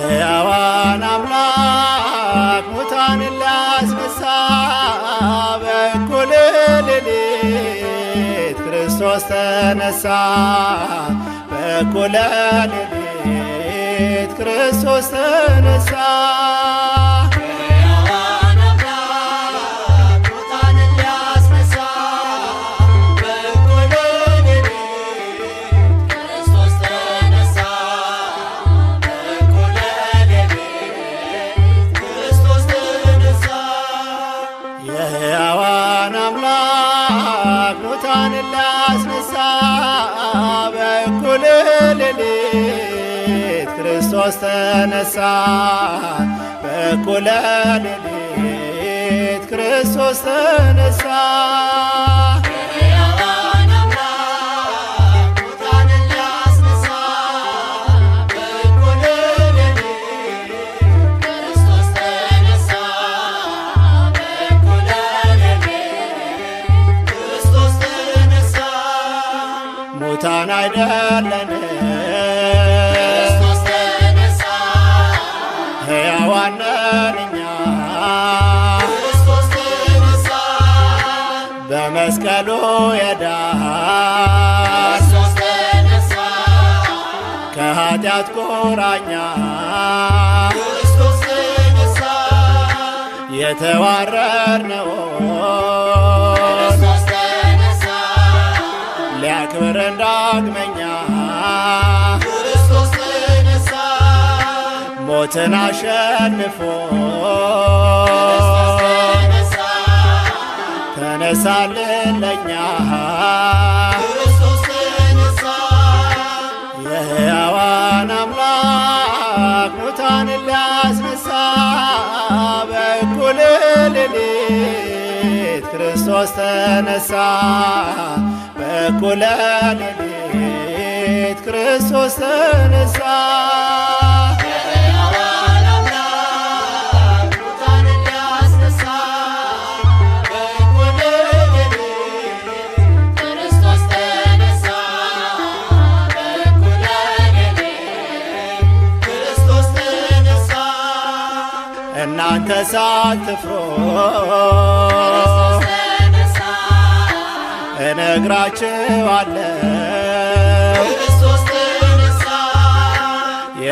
የሕያዋን አምላክ ሙታንን ሊያስነሳ በእኩለ ሌሊት ክርስቶስ ተነሳ። በእኩለ ሌሊት ክርስቶስ ተነሳ። ሌሊት ክርስቶስ ተነሳ በእኩለ ክርስቶስ ተነሳ ሙታን አይደለን ክርስቶስ እኛ ክርስቶስ ተነሳ በመስቀሉ የዳን ክርስቶስ ተነሳ ከኃጢአት ቁራኛ ክርስቶስ ተነሳ የተዋረድነው ዳግመኛ ክርስቶስ ተነሳ ሞትን አሸንፎ ተነሳልን ለኛ ክርስቶስ ተነሳ የሕያዋን አምላክ ሙታን ሊያስነሳ ሌሊት ክርስቶስ ተነሳ ሌሊት ክርስቶስ ተነሳ እናንተ ሳትፍሩ እነግራችኋለሁ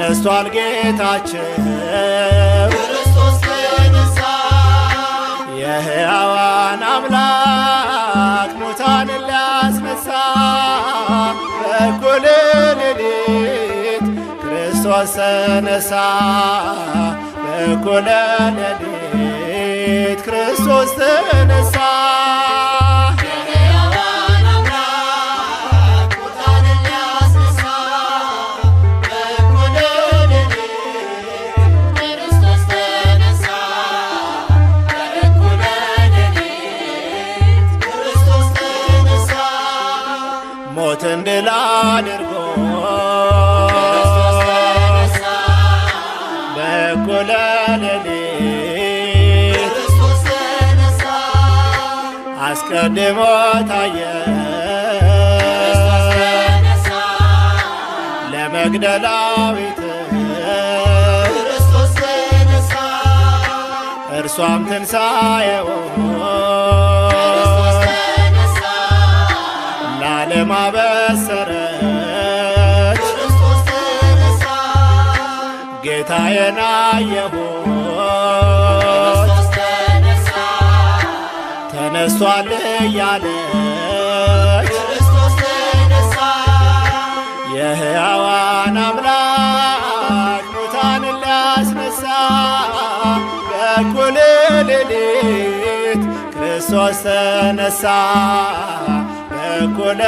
ተነስቷል ጌታችን ክርስቶስ ተነሳ፣ የሕያዋን አምላክ ሙታን ሊያስነሳ በእኩለ ሌሊት ክርስቶስ ተነሳ በእኩለ ሌሊት ክርስቶስ ተነሳ ሞትን ድል አድርጎ በእኩለ ሌሊት አስቀድሞ ታየ ለመግደላዊት እርሷም ትንሣኤውን ዓለም አበሰረች ጌታዬን አየሁት ተነስቷል እያለች የሕያዋን አምላክ ሙታንን ሊያስነሳ በእኩለ ሌሊት ክርስቶስ ተነሳ። እኩለ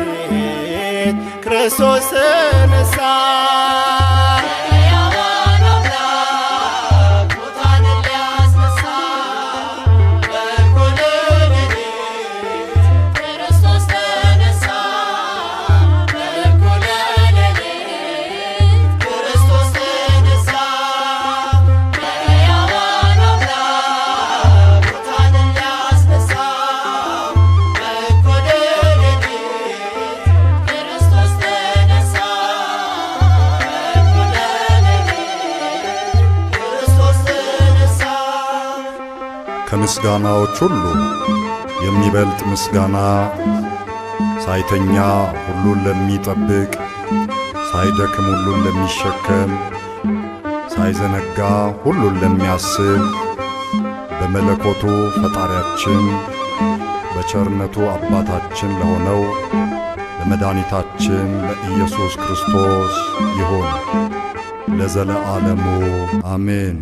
ሌሊት ክርስቶስ ተነሳ። ምስጋናዎች ሁሉ የሚበልጥ ምስጋና ሳይተኛ ሁሉን ለሚጠብቅ፣ ሳይደክም ሁሉን ለሚሸከም፣ ሳይዘነጋ ሁሉን ለሚያስብ በመለኮቱ ፈጣሪያችን በቸርነቱ አባታችን ለሆነው ለመድኃኒታችን ለኢየሱስ ክርስቶስ ይሁን ለዘለዓለሙ አሜን።